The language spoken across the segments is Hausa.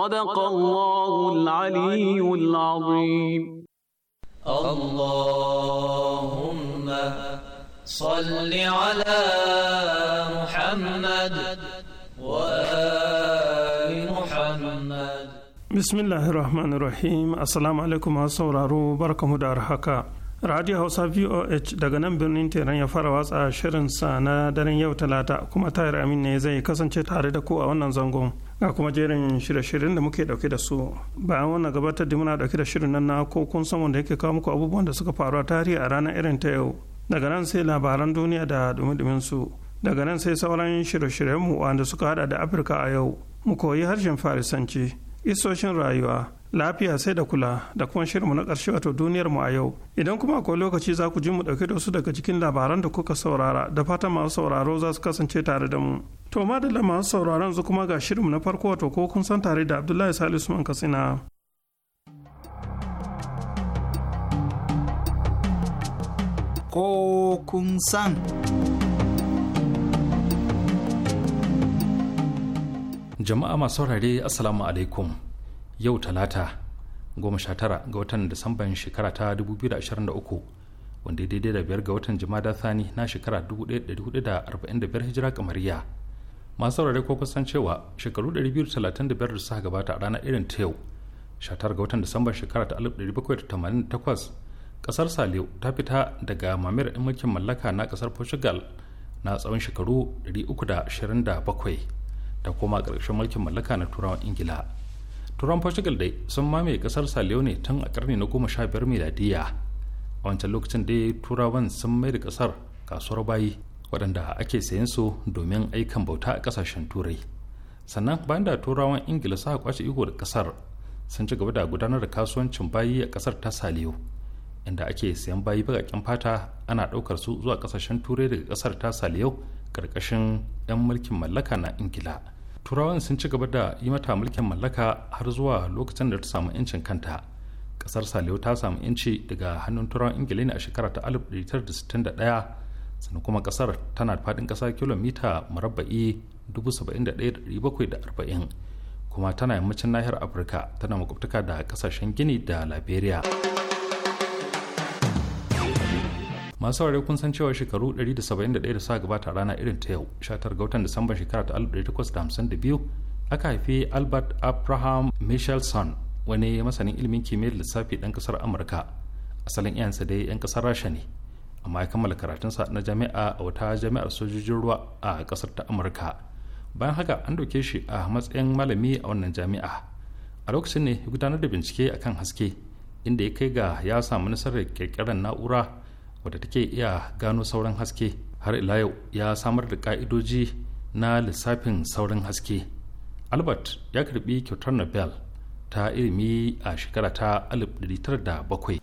صدق الله العلي العظيم اللهم صل على محمد وآل محمد بسم الله الرحمن الرحيم السلام عليكم ورحمة الله وبركاته radio hausa voh daga nan birnin teran ya fara watsa shirinsa na daren yau talata kuma tayar amin ne zai kasance tare da ku a wannan zangon ga kuma jerin shirye-shiryen da muke dauke da su bayan wannan gabatar da muna dauke da shirin nan na ko kun san wanda yake kawo muku abubuwan da suka faru a tarihi a ranar irin ta yau daga nan sai labaran duniya da dumi su daga nan sai sauran shirye shiryen mu wanda suka hada da afirka a yau mu koyi harshen farisanci isoshin rayuwa lafiya sai da kula da kuma shirinmu na ƙarshe wato duniyar mu a yau idan kuma akwai lokaci za ku ji mu ɗauke da wasu daga cikin labaran da kuka saurara da fata masu sauraro za su kasance tare da mu to madalla masu sauraron yanzu kuma ga shirinmu na farko wato ko kun san tare da abdullahi salisu man katsina ko kun san jama'a masu saurare assalamu alaikum yau talata goma sha tara ga watan disamban shekara ta 2023 wanda daidai da biyar ga watan da thani na shekara 1445 hijira kamariya masu saurare ko kusan cewa shekaru 235 da suka gabata a ranar irin ta yau shatar ga watan disamban shekara ta 1788 kasar saliu ta fita daga mamayar mulkin mallaka na kasar portugal na tsawon shekaru 327 ta koma ƙarshen mulkin mallaka na turawan ingila turawan portugal dai sun mamaye ƙasar ne tun a ƙarni na goma sha biyar miladiya a wancan lokacin dai turawan sun mai da ƙasar kasuwar bayi waɗanda ake sayan su domin aikan bauta a ƙasashen turai sannan bayan da turawan ingila suka kwace iko da ƙasar sun ci gaba da gudanar da kasuwancin bayi a ƙasar ta saliyo inda ake sayan bayi baƙaƙen fata ana ɗaukar su zuwa ƙasashen turai daga ƙasar ta saliyo ƙarƙashin 'yan mulkin mallaka na ingila turawan sun ci gaba da yi mata mulkin mallaka har zuwa lokacin da ta samu 'yancin kanta ƙasar saliu ta samu 'yanci daga hannun turawan ingila ne a shekara ta 1961 sannan kuma ƙasar tana faɗin ƙasa kilomita murabba'i 71,740 kuma tana yammacin nahiyar afirka tana makwabtaka da ƙasashen gini da liberia masu saurare kun san cewa shekaru 171 da sa gabata rana irin ta yau 19 ga watan disamban shekara ta 1852 aka haifi albert abraham michelson wani masanin ilimin kimiyyar lissafi dan kasar amurka asalin iyansa dai 'yan kasar rasha ne amma ya kammala karatunsa na jami'a a wata jami'ar sojojin ruwa a kasar ta amurka bayan haka an ɗauke shi a matsayin malami a wannan jami'a a lokacin ne ya gudanar da bincike akan haske inda ya kai ga ya samu nasarar kirkirar na'ura wadda take iya gano sauran haske har ila yau ya samar da ka'idoji na lissafin sauran haske albert ya karbi kyautar nobel ta ilimi a shekara ta 1907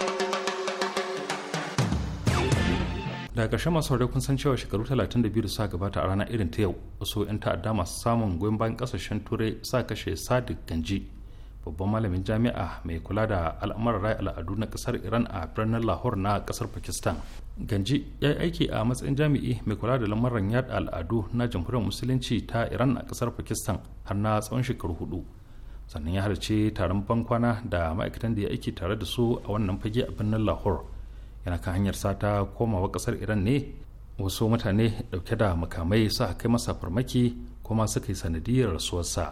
da ƙarshen masu haure kun san cewa shekaru 32 da suka gabata a rana irin ta yau wasu 'yan ta'adda masu samun goyon bayan ƙasashen turai sa kashe sadik ganji babban malamin jami'a mai kula da al'amuran rai al'adu na kasar iran a birnin lahore na kasar pakistan ganji ya yi aiki a matsayin jami'i mai kula da lamarin yada al'adu na jamhuriyar musulunci ta iran a kasar pakistan har na tsawon shekaru hudu sannan ya halarci taron bankwana da ma'aikatan da ya aiki tare da su a wannan fage a birnin lahore yana kan hanyar sata komawa kasar iran ne wasu mutane dauke da makamai suka kai masa farmaki kuma suka yi sanadiyar rasuwarsa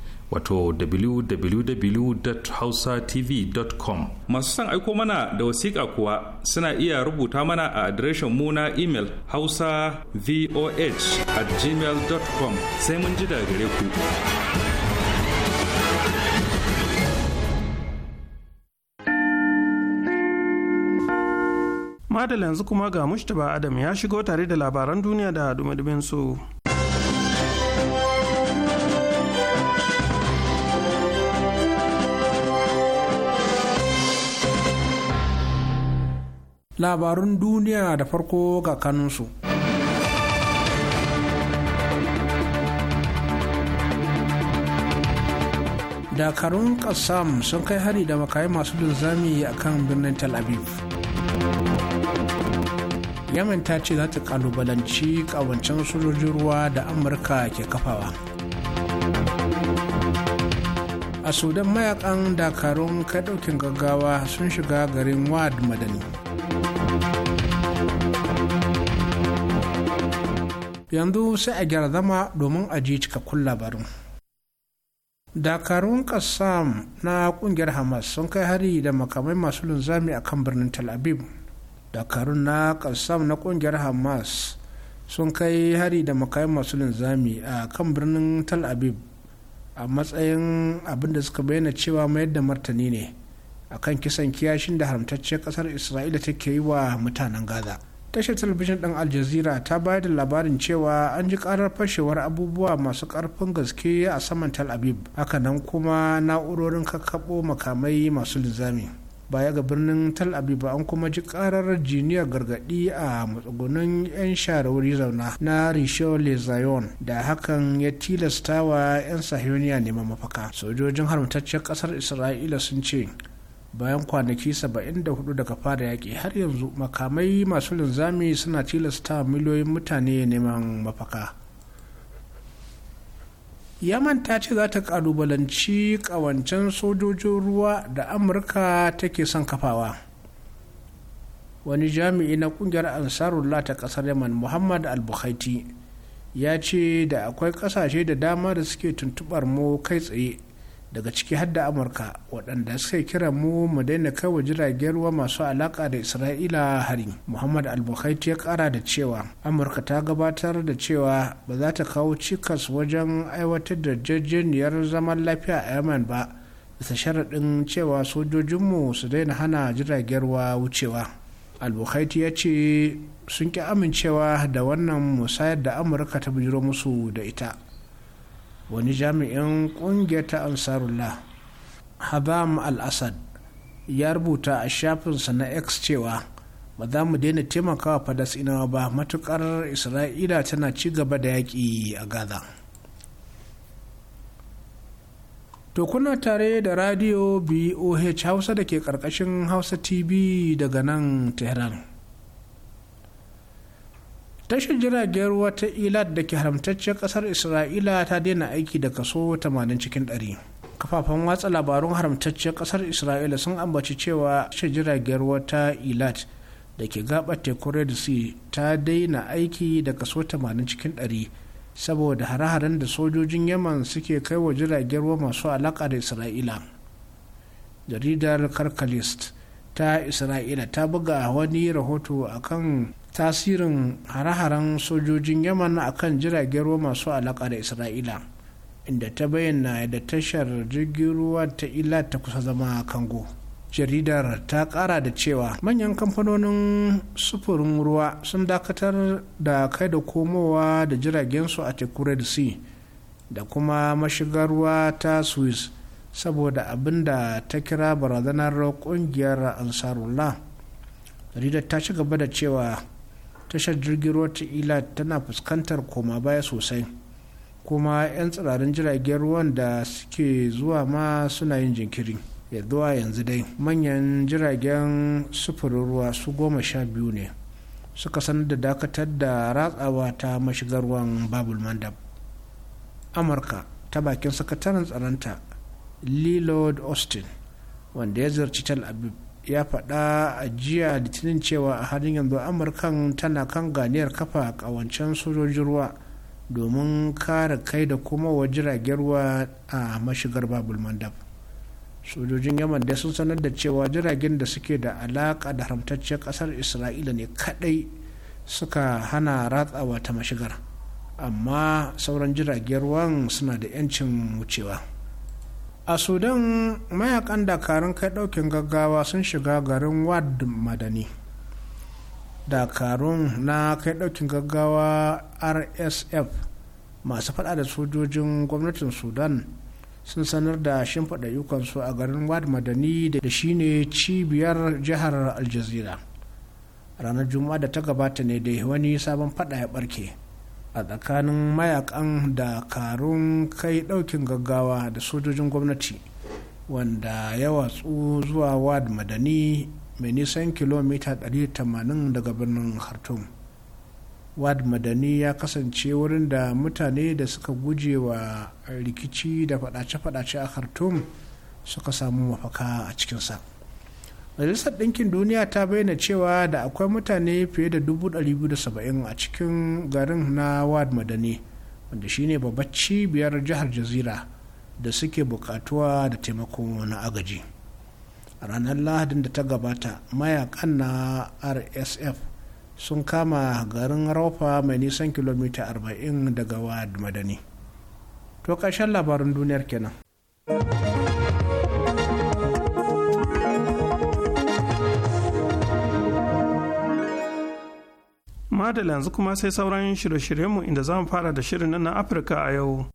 wato www.hausatv.com masu son aiko mana da wasiƙa kuwa suna iya rubuta mana a adireshin mu na imel hausa voh at gmail.com sai mun ji daga gare ku madalla yanzu kuma ga mushtaba adam ya shigo tare da labaran duniya da dumadumin su labarun duniya da farko ga kanunsu. dakarun kasam sun kai hari da makayi masu linzami a kan birnin tel aviv yaman ta ce za ta kalubalanci kawancin sojojin ruwa da amurka ke kafawa a sudan mayakan dakarun kai daukin gaggawa sun shiga garin wad madani yanzu sai a gyara zama domin a ji cikakkun labarin dakarun kassam na kungiyar hamas sun kai hari da makamai masu linzami a kan birnin tel aviv dakarun na kassam na kungiyar hamas sun kai hari da makamai masu linzami a kan birnin tel aviv a matsayin abin da suka bayyana cewa mayar da martani ne akan kisan kiyashin da haramtacce kasar isra'ila take yi wa mutanen gaza tashar talabijin ɗin al jazeera ta bayar da labarin cewa an ji ƙarar fashewar abubuwa masu ƙarfin gaske a saman tal abib hakanan kuma na'urorin kakkaɓo makamai masu linzami baya ga birnin tal abib an kuma ji ƙarar jiniyar gargaɗi a matsugunan 'yan sharawuri zauna na risho le zayon da hakan ya tilasta wa 'yan sahiyoniya neman mafaka sojojin haramtaccen ƙasar isra'ila sun ce bayan kwanaki 74 daga fara yaƙi har yanzu makamai masu linzami suna tilasta miliyoyin mutane neman mafaka yaman ta ce za ta kalubalanci kawancen sojojin ruwa da amurka take son kafawa wani jami'i na kungiyar ansarullah ta kasar yaman muhammad al-bukhaiti ya ce da akwai kasashe da dama da suke tuntubar mu kai tsaye daga ciki har da amurka waɗanda suka kira mu mu daina kai wa jiragen ruwa masu alaƙa da isra'ila hari muhammad albuhaiti ya ƙara da cewa amurka ta gabatar da cewa ba za ta kawo cikas wajen aiwatar da jajjeniyar zaman lafiya a yaman ba bisa sharaɗin cewa sojojinmu su daina hana jiragen ruwa wucewa albuhaiti ya ce sun ƙi amincewa da wannan musayar da amurka ta bujiro musu da ita wani jami'in ƙungiyar ta ansarullah habam al-assad ya rubuta a shafinsa na x cewa ba za mu daina taimakawa falasinawa ba matukar isra'ila tana ci gaba da yaƙi a gaza to kuna tare da radio boh hausa da ke ƙarƙashin hausa tv daga nan tehran tashar jiragen ruwa ta ilat da ke haramtacciyar kasar isra'ila ta daina aiki da kaso 80 cikin 100 kafafen watsa labarun haramtacciyar kasar isra'ila sun ambaci cewa tashar jiragen ruwa ta ilat da ke gabar tekun red sea ta daina aiki da kaso 80 cikin 100 saboda hare-haren da sojojin yaman suke kai wa jiragen ruwa masu alaka da isra'ila jaridar karkalist ta isra'ila ta buga wani rahoto akan tasirin hare-haren sojojin yaman a kan jiragen ruwa masu alaƙa da isra'ila inda ta bayyana da tashar jirgin ruwa ta ila ta kusa zama a kango jaridar ta ƙara da cewa manyan kamfanonin sufurin ruwa sun dakatar da kai da komowa da jiragensu a teku red da kuma mashigar ruwa ta swiss saboda abin da ta kira barazanar ƙungiyar ansarullah jaridar ta ci gaba da cewa tashar jirgin ruwa ta ila tana fuskantar koma baya sosai kuma 'yan tsirarin jiragen ruwan da suke zuwa ma suna yin jinkiri ya zuwa yanzu dai manyan jiragen sufurin ruwa su goma sha biyu ne suka sanar da dakatar da ratsawa ta mashigar ruwan babul mandab amurka ta bakin sakataren tsaronta leland austin wanda ya ziyarci tel aviv ya faɗa a jiya litinin cewa a halin yanzu amurkan tana kan ganiyar kafa ƙawancen sojojin ruwa domin kare kai da kuma wa jiragen ruwa a mashigar babul mandab sojojin yaman dai sun sanar da cewa jiragen da suke da alaka da haramtacciyar kasar isra'ila ne kadai suka hana ratsawa ta mashigar amma sauran jiragen ruwan suna da 'yancin wucewa. a sudan mayakan dakarun kai daukin gaggawa sun shiga garin wad madani dakarun na kai daukin gaggawa rsf masu fada da sojojin gwamnatin sudan sun sanar da shimfiɗa yukansu a garin wad madani da shine cibiyar jihar aljazira ranar juma'a da ta gabata ne da wani sabon fada ya barke a tsakanin mayakan da karun kai daukin gaggawa da sojojin gwamnati wanda ya watsu zuwa wad madani mai nisan kilomita 180 daga birnin khartoum wad madani ya kasance wurin da mutane da suka guje wa rikici da fadace-fadace a khartoum suka samu mafaka a cikinsa majalisar ɗinkin duniya ta bayyana cewa da akwai mutane fiye da 270 a cikin garin na wad madani wanda shine babbar cibiyar jihar jazira da suke bukatuwa da taimako na agaji a ranar lahadin da ta gabata mayakan na rsf sun kama garin raufa mai nisan kilomita 40 daga wad madani to ƙarshen labarin duniyar kenan. da yanzu kuma sai sauran shirye-shiryenmu inda za mu fara da shirin na afirka a yau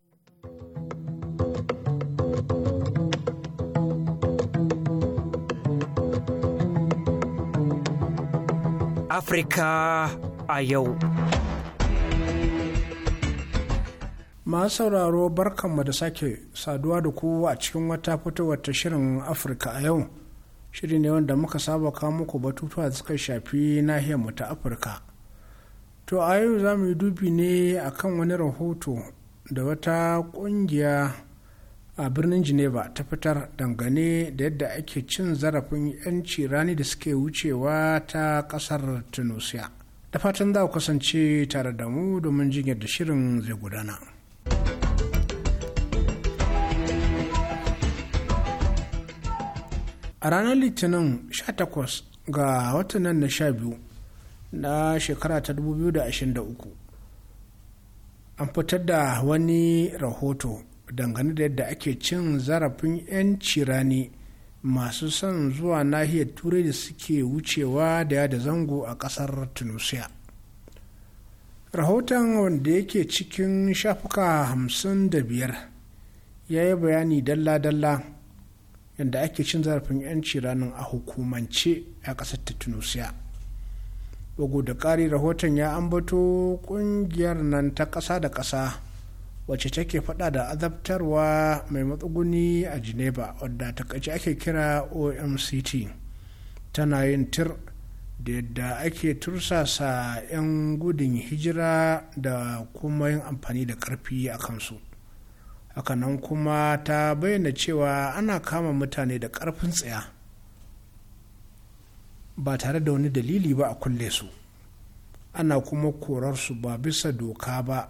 afirka a yau masu sauraro barkanmu da sake saduwa da ku a cikin wata fitowar ta shirin afirka a yau shiri ne wanda muka saba kawo muku batutuwa da suka shafi nahiyarmu ta afirka to a yau za mu yi dubi ne a kan wani rahoto da wata kungiya a birnin geneva ta fitar dangane da yadda ake cin zarafin 'yanci rani da suke wucewa ta kasar tunisia da fatan za ku kasance tare da mu domin jin yadda shirin zai gudana a ranar litinin 18 ga watan nan na 12 na shekara ta 2023 an fitar da wani rahoto dangane da yadda ake cin zarafin 'yanci rani masu son zuwa nahiyar turai da suke wucewa da yada zango a kasar tunisia rahoton wanda yake cikin shafuka hamsin da biyar ya yi bayani dalla-dalla yadda ake cin zarafin yan ciranin a hukumance a kasar tunisia bugu da ƙari rahoton ya ambato ƙungiyar nan ta ƙasa da ƙasa wacce take faɗa da azabtarwa mai matsuguni a geneva wadda takaice ake kira omct tana yin tir da yadda ake tursasa 'yan gudun hijira da kuma yin amfani da ƙarfi a kansu hakanan kuma ta bayyana cewa ana kama mutane da ƙarfin tsaya ba tare da wani dalili ba a kulle su ana kuma korarsu ba bisa doka ba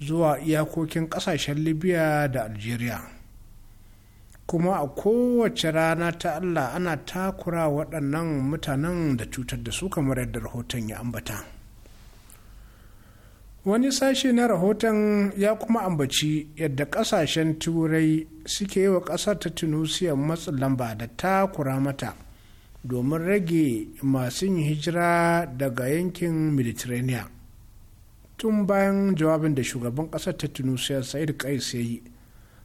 zuwa iyakokin ƙasashen libya da algeria kuma a kowace rana ta allah ana takura waɗannan mutanen da cutar da su kamar yadda rahoton ya ambata wani sashe na rahoton ya kuma ambaci yadda ƙasashen turai suke yi wa ƙasar ta tunisia matsin lamba da takura mata domin rage masu yin hijira daga yankin mediterranean tun bayan jawabin da shugaban ƙasar ta tunisia sa'id kais ya yi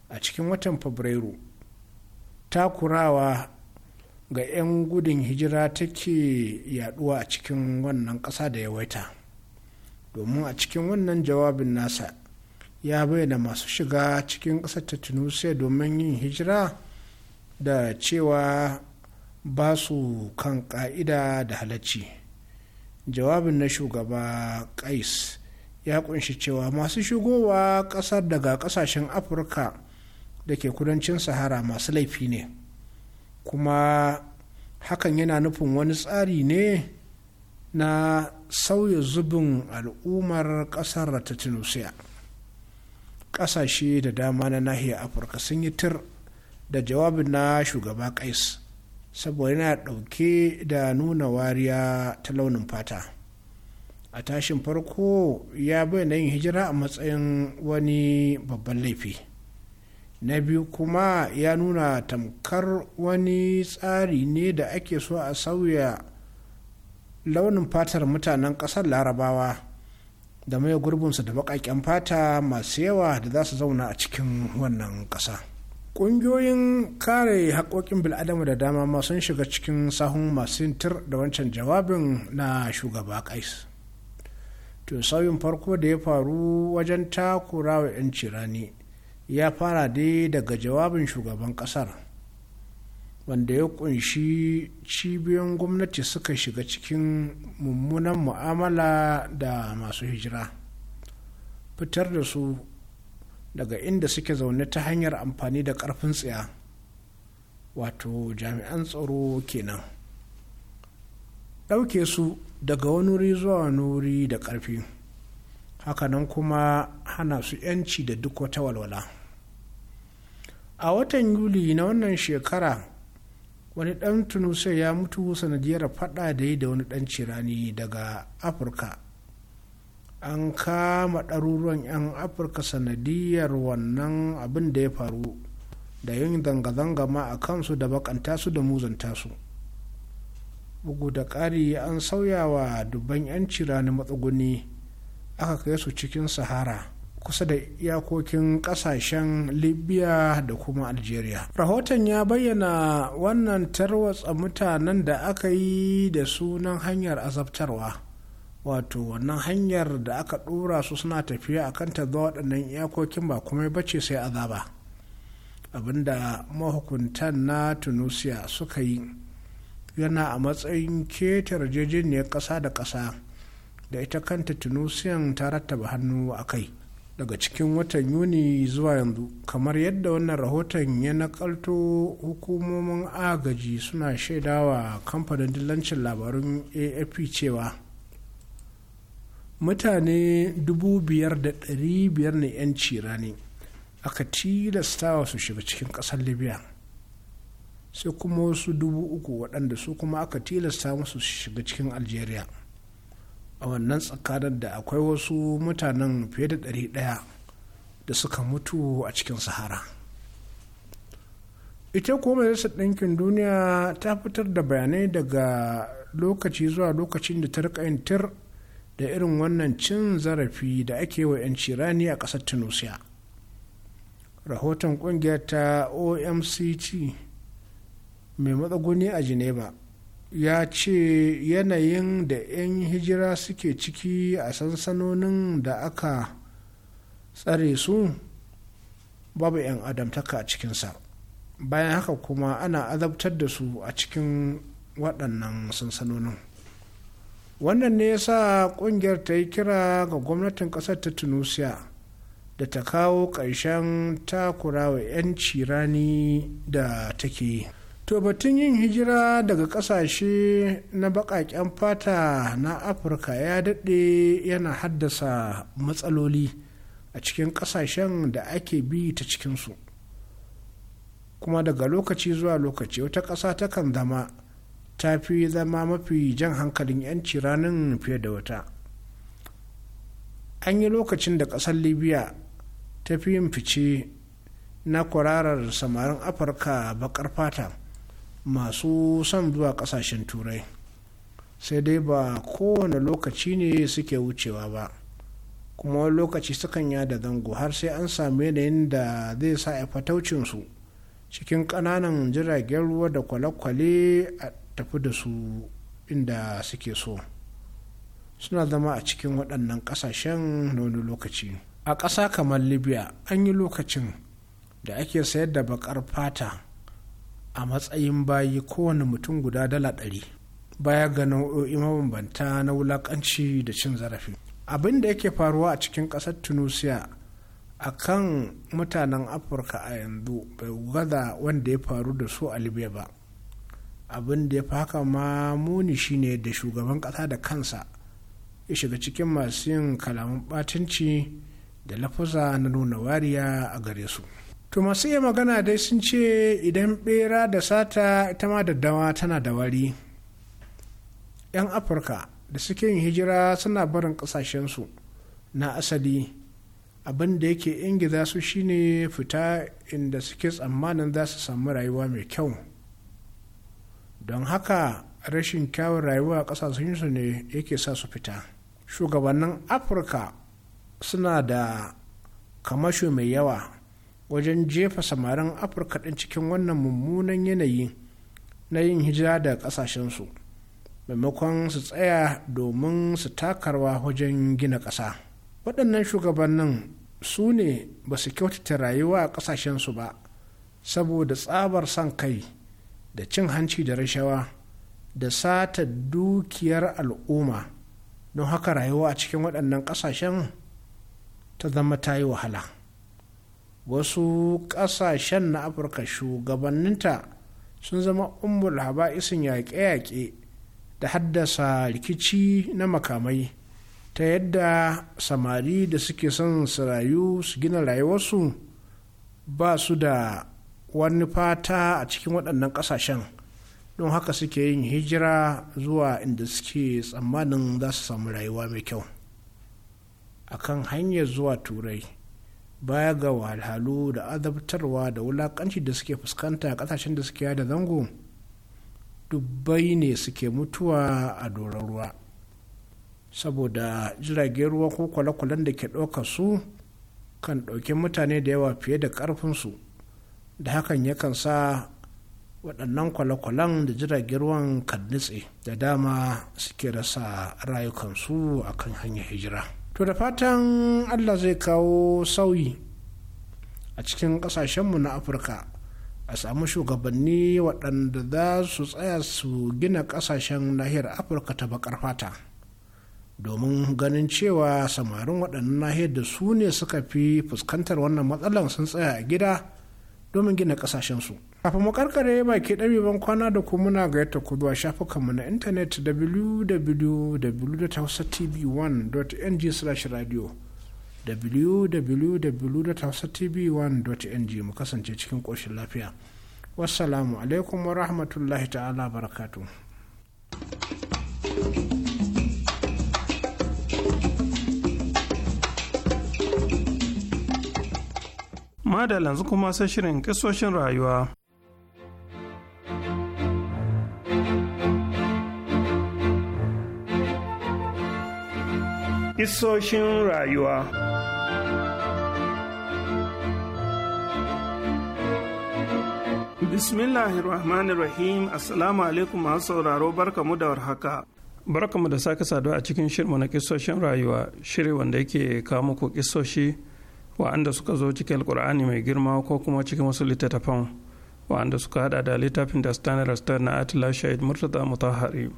a cikin watan fabrairu takurawa ga 'yan gudun hijira take yaduwa a cikin wannan ƙasa da yawaita domin a cikin wannan jawabin nasa ya bayyana masu shiga cikin ƙasar ta tunisia domin yin hijira da cewa ba su kan ka'ida da halacci jawabin na shugaba kais ya kunshi cewa masu shigowa kasar daga kasashen afirka da ke kudancin sahara masu laifi ne kuma hakan yana nufin wani tsari ne na sauya zubin al'ummar kasar ta tunisia kasashe da dama na nahiyar afirka sun yi tir da jawabin na shugaba kais saboda yana ɗauke da nuna wariya ta launin fata a tashin farko ya bayyana yin hijira a matsayin wani babban laifi na biyu kuma ya nuna tamkar wani tsari ne da ake so a sauya launin fatar mutanen ƙasar larabawa da mai gurbinsu da baƙaƙen fata masu yawa da za su zauna a cikin wannan ƙasa. ƙungiyoyin kare haƙoƙin bil'adama da dama ma sun shiga cikin sahun masu tir da wancan jawabin na shugaba kais to sauyin farko da ya faru wajen takura wa 'yanci rani ya fara dai daga jawabin shugaban ƙasar wanda ya ƙunshi cibiyoyin gwamnati suka shiga cikin mummunan mu'amala da masu hijira fitar da su daga inda suke zaune ta hanyar amfani da ƙarfin tsaya wato jami'an tsaro kenan ɗauke su daga wani wuri zuwa wuri da ƙarfi hakanan kuma hana su 'yanci da duk wata walwala a watan yuli na wannan shekara wani ɗan tunusai ya mutu sanadiyar faɗa da yi da wani ɗan cirani daga afirka an kama ɗaruruwan 'yan afirka sanadiyar wannan abin da ya faru da yin zanga-zanga ma a kansu da bakanta su da muzanta su bugu da ƙari an sauya wa dubban 'yanci rani matsuguni aka kai su cikin sahara kusa da iyakokin ƙasashen libya da kuma algeria rahoton ya bayyana wannan tarwatsa mutanen da aka yi da sunan hanyar azabtarwa wato wannan hanyar da aka ɗora su suna tafiya a kan ta zuwa waɗannan iyakokin ba kuma ba ce sai azaba abinda mahukuntan na tunisia suka yi yana a matsayin keta ne ƙasa da ƙasa da ita kanta tunisian ta rattaba hannu a kai daga cikin watan yuni zuwa yanzu kamar yadda wannan rahoton ya nakalto hukumomin agaji suna shaidawa kamfanin dillancin labarun afp cewa mutane 5,500 ne 'yan cirani aka tilastawa su shiga cikin ƙasar libya sai kuma wasu dubu uku waɗanda su kuma aka tilasta musu su shiga cikin algeria a wannan tsakanin da akwai wasu mutanen fiye da ɗari ɗaya da suka mutu a cikin sahara ita kuma majalisar ɗinkin duniya ta fitar da bayanai daga lokaci zuwa lokacin da ta rika yin tir da irin wannan cin zarafi da ake wa 'yan cirani a ƙasar tunisia rahoton ƙungiyar ta omct mai matsaguni a geneva ya ce yanayin da 'yan hijira suke ciki a sansanonin da aka tsare su babu 'yan adamtaka a cikinsa bayan haka kuma ana azabtar da su a cikin waɗannan sansanonin wannan ne ya sa kungiyar ta yi kira ga gwamnatin kasar ta tunisia da ta kawo ƙarshen wa 'yanci rani da take to batun yin hijira daga ƙasashe na baƙaƙen fata na afirka ya daɗe yana haddasa matsaloli a cikin ƙasashen da ake bi ta cikinsu kuma daga lokaci zuwa lokaci wata ƙasa takan zama ta fi zama mafi jan hankalin 'yanci ranar fiye da wata an yi lokacin da ƙasar libya ta fi yin fice na kwararar samarin afirka bakar fata masu son zuwa ƙasashen turai sai dai ba kowane lokaci ne suke wucewa ba kuma wani lokaci sukan yada zango har sai an sami yanayin da zai sa a fataucinsu cikin ƙananan jiragen ruwa da kwale-kwale a tafi da su inda suke so suna zama a cikin waɗannan ƙasashen na wani lokaci a ƙasa kamar libya an yi lokacin da ake sayar da baƙar fata a matsayin bayi kowane mutum guda dala ɗari baya ga nau'o'i mabambanta na wulaƙanci da cin zarafi abin da yake faruwa a cikin ƙasar tunisia a kan mutanen afirka a yanzu bai gaza wanda ya faru da su a libya ba abin da ya fi haka ma muni shine da shugaban ƙasa da kansa ya shiga cikin masu yin kalaman batanci da lafuza na nuna wariya a gare su to masu iya magana dai sun ce idan bera da sata ita ma da dawa tana da wari 'yan afirka da suke yin hijira suna barin ƙasashensu na asali abin da yake ingiza su shine fita inda suke tsammanin za su samu rayuwa mai kyau don haka rashin kyawun rayuwa a ƙasashensu ne yake sa su fita shugabannin afirka suna da kamasho mai yawa wajen jefa samarin afirka ɗin cikin wannan mummunan yanayi na yin hijira da ƙasashensu maimakon su tsaya domin su takarwa wajen gina ƙasa waɗannan shugabannin su ne ba su kyautata rayuwa a ƙasashensu ba saboda tsabar son kai da cin hanci da rashawa da sata dukiyar al'umma don haka rayuwa a cikin waɗannan ƙasashen ta zama ta yi wahala wasu ƙasashen na afirka shugabanninta sun zama umul haba'isin yaƙe-yaƙe da haddasa rikici na makamai ta yadda samari da suke son su rayu su gina rayuwarsu ba su da wani fata a cikin waɗannan ƙasashen don haka suke yin hijira zuwa inda suke tsammanin za su samu rayuwa mai kyau a kan hanyar zuwa turai baya ga wahalhalu da azabtarwa da wulaƙanci da suke fuskanta a ƙasashen da suke da zango dubbai ne suke mutuwa a doron ruwa saboda jiragen ruwa ko kwale-kwalen da ke ɗauka su kan ɗauke mutane da yawa fiye da ƙarfinsu da hakan yakan sa waɗannan kwale-kwalen da jiragen ruwan kan nutse da dama suke rasa rayukansu a kan hanyar hijira to da fatan allah zai kawo sauyi a cikin ƙasashenmu na afirka a samu shugabanni waɗanda za su tsaya su gina ƙasashen nahiyar afirka ta baƙar fata domin ganin cewa samarin waɗannan nahiyar da su ne suka fi fuskantar wannan matsalan sun tsaya a gida domin gina kasashensu. Kafin mu karkare baki ɗabiban kwana da kuma muna gayyata ku zuwa shafukanmu na intanet www.hausatv1.ng/radio www.hausatv1.ng mu kasance cikin ƙoshin lafiya. Wassalamu alaikum wa rahmatullahi ta'ala barakatuhu. da yanzu kuma sai shirin kisoshin rayuwa. Kisoshin rayuwa Bismillahirrahmanirrahim Assalamu alaikum masu sauraro barkamu da warhaka. Barkamu da sake saduwa a cikin shirmu na kisoshin rayuwa, shiri wanda yake kawo muku kisoshi wa'anda suka zo cikin alkur'ani mai girma ko kuma cikin wasu littattafan wa'anda suka haɗa da littafin da stanar na atila shahid murtaza mutahari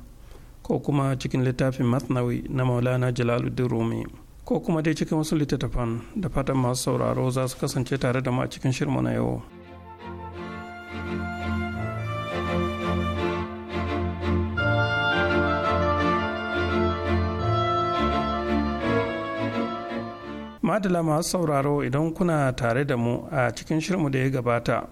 ko kuma cikin littafin masnawi na maulana jalaluddin rumi ko kuma dai cikin wasu littattafan da fatan masu sauraro za su kasance tare da mu a cikin shirmu na yau. madala masu sauraro idan kuna tare da mu a cikin shirmu da ya gabata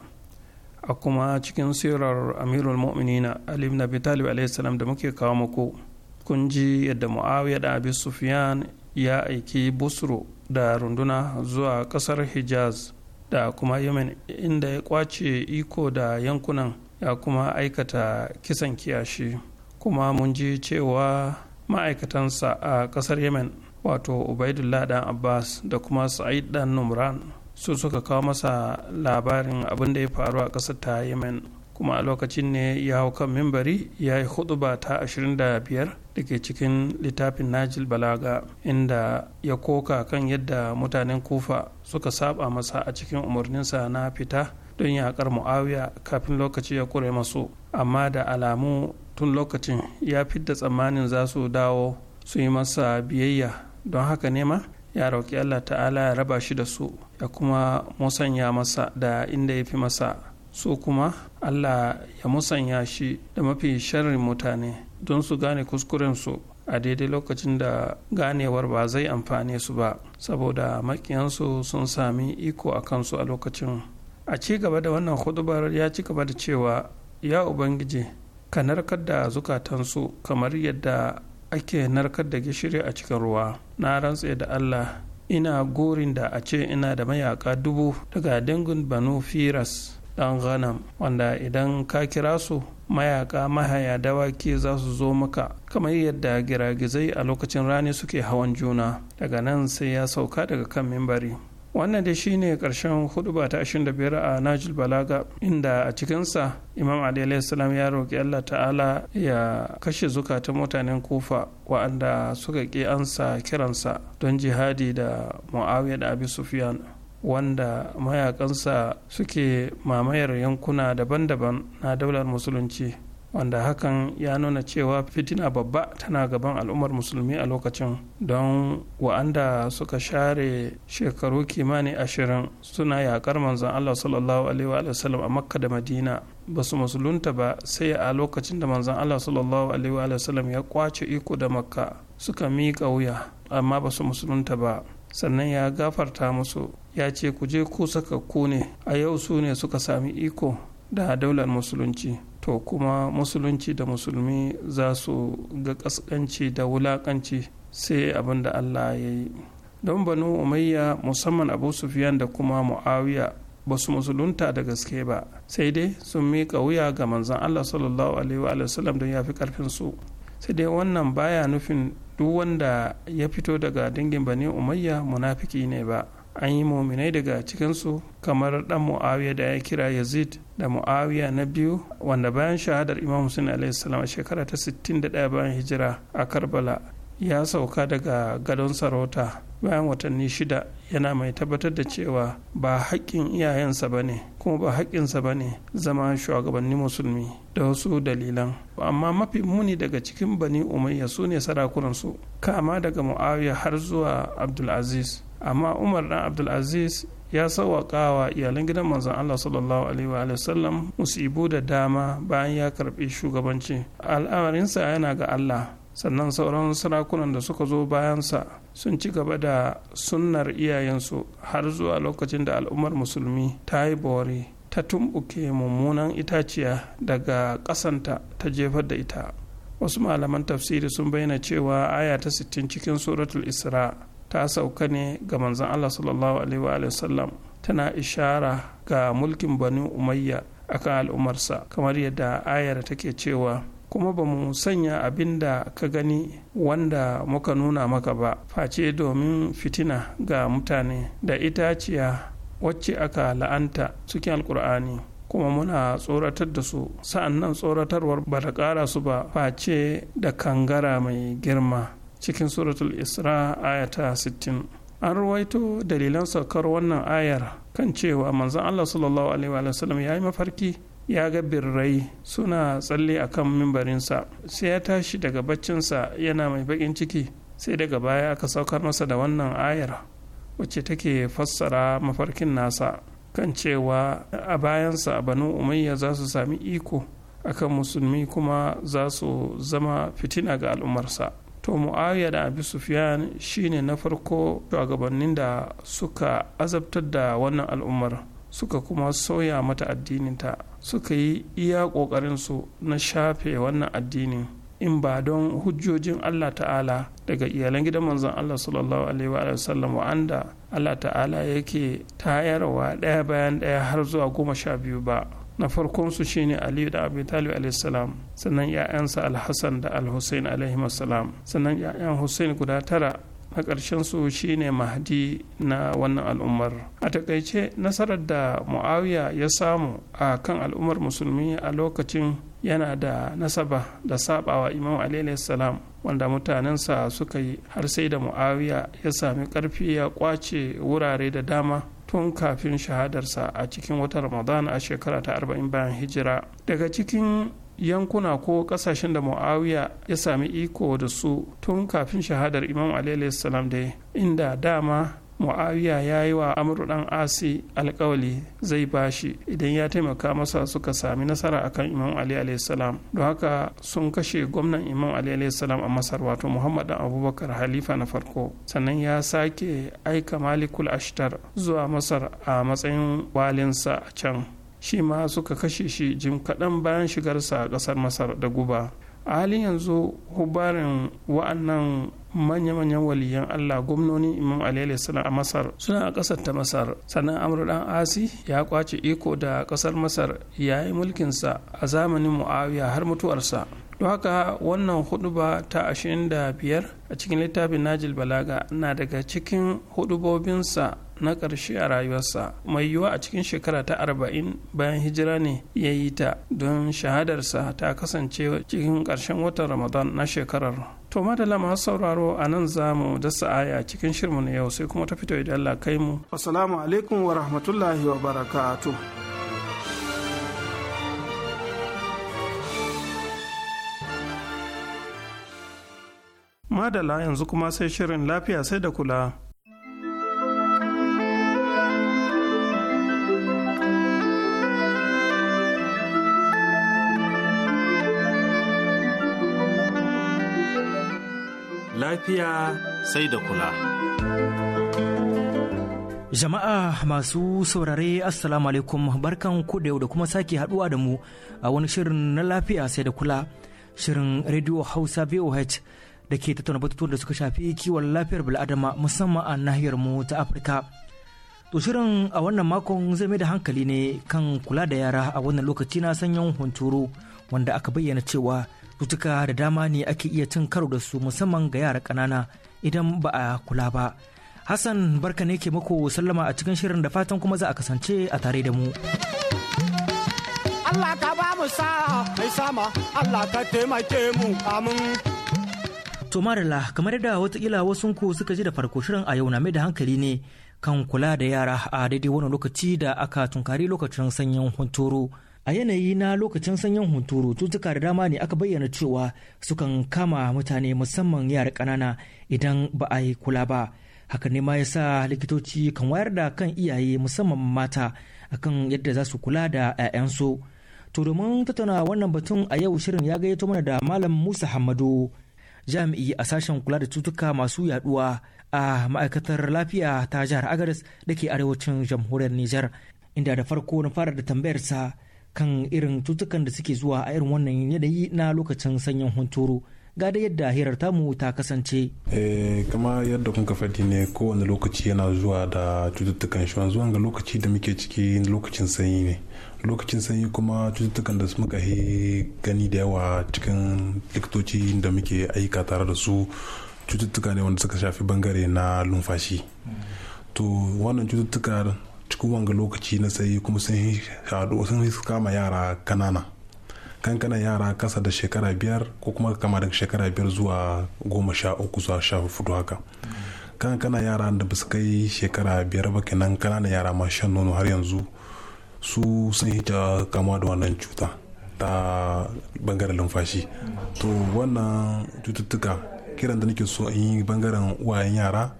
a kuma cikin sirar amirul mu'minina ali ibn abi talib alaihissalam da muke kawo muku kun ji yadda muawiya da abi sufyan ya aiki busro da runduna zuwa kasar hijaz da kuma yemen inda ya kwace iko da yankunan ya kuma aikata kisan kiyashi kuma mun ji cewa ma'aikatansa a kasar yemen wato ubaidullah dan abbas da kuma sa'id dan numran su suka kawo masa labarin abin da ya faru a ƙasar ta yemen kuma a lokacin ne ya hau kan mimbari ya yi hutuba ta 25 da ke cikin littafin najil balaga inda ya koka kan yadda mutanen kufa suka saba masa a cikin umarninsa na fita don yaƙar muawiya kafin lokaci ya kure masu amma da alamu tun lokacin ya fidda tsammanin za su dawo su yi masa biyayya don haka ne ma ya roƙi allah ta'ala ya raba shi da su ya kuma musanya masa da inda ya fi masa su kuma allah ya musanya shi da mafi sharrin mutane don su gane kuskurensu a daidai lokacin da ganewar ba zai amfane su ba saboda makiyansu sun sami iko a kansu a lokacin a ci gaba da wannan hudubar ya ci gaba da cewa ya ubangiji ka narkar da zukatansu kamar yadda ake narkar da gishiri a cikin ruwa na rantse da allah ina gorin da a ce ina da mayaka dubu daga dangin banu firas dan ghanam wanda idan ka kira su mayaka mahaya dawaki za su zo maka kamar yadda giragizai a lokacin rani suke hawan juna daga nan sai ya sauka daga kan mimbari wannan da ne karshen huduba ta biyar a najil balaga inda a cikinsa imam ali salam ya roƙi allah ta'ala ya kashe zukatan mutanen kufa wa'anda suka ƙi ansa kiransa don jihadi da mu'awiyar da abi sufyan wanda mayakansa suke mamayar yankuna daban-daban na daular musulunci wanda hakan ya nuna cewa fitina babba tana gaban al'ummar musulmi a lokacin don wa'anda suka share shekaru kimani ashirin suna yakar manzon allah sallallahu alaihi wa a makka da madina ba su musulunta ba sai a lokacin da manzon allah sallallahu alaihi wa ya kwace iko da makka suka miƙa wuya amma ba su musulunta ba sannan ya gafarta musu ya ce ku je ku saka ku ne a yau su ne suka sami iko da daular musulunci to kuma musulunci da musulmi za su ga kaskanci da wulakanci sai abin da allah ya yi don banu umayya musamman abu sufiyan da kuma muawiya ba su musulunta da gaske ba sai dai sun miƙa wuya ga manzan allah sallallahu alaihi wa sallam don ya fi karfin su sai dai wannan baya nufin duk wanda ya fito daga dangin bani umayya munafiki ne ba an yi muminai daga cikinsu kamar dan muawiya da ya kira yazid da muawiya na biyu wanda bayan shahadar imam hussein salam a shekara ta 61 bayan hijira a karbala ya sauka daga gadon sarauta bayan watanni shida yana mai tabbatar da cewa ba haƙƙin iyayensa ba ne kuma ba haƙƙinsa ba ne zama shugabanni musulmi da wasu dalilan amma mafi muni daga cikin bani umayya su ne sarakunansu kama daga muawiya har zuwa abdulaziz amma umar dan abdulaziz ya sauwaƙa wa iyalan gidan manzon Allah sallallahu alaihi wa sallam musibu da dama bayan ya karɓi shugabanci al'amarinsa yana ga Allah sannan sauran sarakunan da suka zo bayansa sun ci gaba da sunnar iyayensu har zuwa lokacin da al'ummar musulmi ta yi bore ta tumbuke mummunan itaciya daga ƙasanta ta jefar da ita wasu malaman tafsiri sun bayyana cewa aya ta 60 cikin suratul isra ta sauka ne ga manzon Allah sallallahu alaihi wasallam tana ishara ga mulkin banu umayya akan al'ummarsa kamar yadda ayar take cewa kuma ba mu sanya abin da ka gani wanda muka nuna maka ba face domin fitina ga mutane da itaciya wacce aka la'anta cikin alkur'ani kuma muna tsoratar da su sa'an nan tsoratarwar ba ta kara su ba face da kangara mai girma cikin suratul isra ayata 60 an ruwaito dalilan saukar wannan ayar kan cewa manzon allah sallallahu alaihi wa ya yi mafarki ya ga birrai suna tsalle a kan mimbarinsa sai ya tashi daga baccinsa yana mai baƙin ciki sai daga baya aka saukar masa da wannan ayar wacce take fassara mafarkin nasa kan cewa a bayansa a banu umayya za su sami iko akan musulmi kuma za su zama fitina ga al'ummarsa to muawiya da abu sufyan shine na farko shugabannin da suka azabtar da wannan al'ummar suka kuma sauya mata addininta suka yi iya ƙoƙarinsu na shafe wannan addinin in ba don hujjojin Allah ta'ala daga iyalan gidan manzon Allah sallallahu alaihi wa wa'anda Allah ta'ala yake tayarwa ɗaya bayan ɗaya har zuwa goma sha biyu ba na farkonsu shine aliyu da abu talib salam sannan 'ya'yansa alhassan da alhussein alaihi salam sannan 'ya'yan hussein guda tara na ƙarshen su shine mahdi na wannan al'ummar a takaice nasarar da muawiya ya samu a kan al'ummar musulmi a lokacin yana da nasaba da sabawa imam alaihi salam wanda mutanensa suka yi har sai da muawiya ya sami karfi ya kwace wurare da dama tun kafin shahadarsa a cikin wata ramadan a shekara ta arba'in bayan hijira daga cikin yankuna ko kasashen da muawiya ya sami iko da su tun kafin shahadar imam salam dai inda dama muawiya ya yi wa amru dan asi alkawali zai bashi idan ya taimaka masa suka sami nasara akan imam ali alaihissalam don haka sun kashe gwamnan imam ali alaihissalam a masar wato muhammad dan abubakar halifa na farko sannan ya sake aika malikul ashtar zuwa masar a matsayin walinsa a can shi ma suka kashe shi jim kaɗan bayan shigarsa a ƙasar masar da guba a halin yanzu hubarin wa'annan manya-manyan waliyan Allah gwamnoni Imam Ali salam a Masar suna a ƙasar ta Masar sannan Amr dan Asi ya kwace iko da ƙasar Masar ya yi mulkinsa a zamanin Muawiya har mutuwarsa don haka wannan huduba ta ashirin da biyar a cikin littafin Najil Balaga na daga cikin hudubobinsa na ƙarshe a rayuwarsa mai yiwuwa a cikin shekara ta arba'in bayan hijira ne ya yi ta don shahadarsa ta kasance cikin ƙarshen watan ramadan na shekarar to madala masu sauraro a nan za mu dasa aya cikin shirmu na yau sai kuma ta fito idan Allah kai mu assalamu alaikum wa rahmatullahi wa barakatu. madala yanzu kuma sai shirin lafiya sai da kula lafiya sai da kula. Jama'a masu saurare Assalamu alaikum barkan ku da yau da kuma sake haduwa da mu a wani shirin na lafiya sai da kula shirin Radio Hausa VOH da ke tattauna batutuwan da suka shafi kiwon lafiyar bil'adama musamman a nahiyar mu ta Afirka. To shirin a wannan makon zai mai da hankali ne kan kula da yara a wannan lokaci na sanyin hunturu wanda aka bayyana cewa cutuka da dama ne ake iya cin karo da su musamman ga yara ƙanana idan ba a kula ba hassan barka ne ke mako sallama a cikin shirin da fatan kuma za a kasance a tare da mu Allah ka ba mu sa mai sama Allah ka taimake mu amin to marala kamar da watakila wasu ku suka ji da farko shirin a yau na mai da hankali ne kan kula da yara a daidai wani lokaci da aka tunkari lokacin sanyin hunturu a yanayi na lokacin sanyin hunturu cutuka da dama ne aka bayyana cewa sukan kama mutane musamman yara ƙanana idan ba a yi kula ba haka ne ma ya sa likitoci kan wayar da kan iyaye musamman mata akan yadda za su kula da 'ya'yansu to domin tattauna wannan batun a yau shirin ya gayyato mana da malam musa hamadu jami'i a sashen kula da cutuka masu yaduwa a ma'aikatar lafiya ta jihar agadis da ke arewacin jamhuriyar nijar inda da farko na fara da tambayarsa kan irin cutukan da suke zuwa a irin wannan yanayi na lokacin sanyin hunturu ga da yadda hirar tamu ta kasance. Eh, kama yadda kun ka faɗi ne kowane lokaci yana zuwa da cututtukan shi zuwa ga lokaci da muke ciki lokacin sanyi ne lokacin sanyi kuma cututtukan da muka yi gani da yawa cikin likitoci da muke aika tare da su cututtuka ne wanda suka shafi bangare na lumfashi to wannan cututtuka cikin wanga lokaci na sai kuma sun haɗu sun kama yara kanana kankanan yara kasa da shekara biyar ko kuma kama da shekara biyar zuwa goma sha uku zuwa sha hudu haka kankanan yara da ba su kai shekara biyar ba kenan kananan yara ma shan nono har yanzu su sun hita kama da wannan cuta ta bangaren lumfashi to wannan cututtuka kiran da nake so in yi bangaren uwayen yara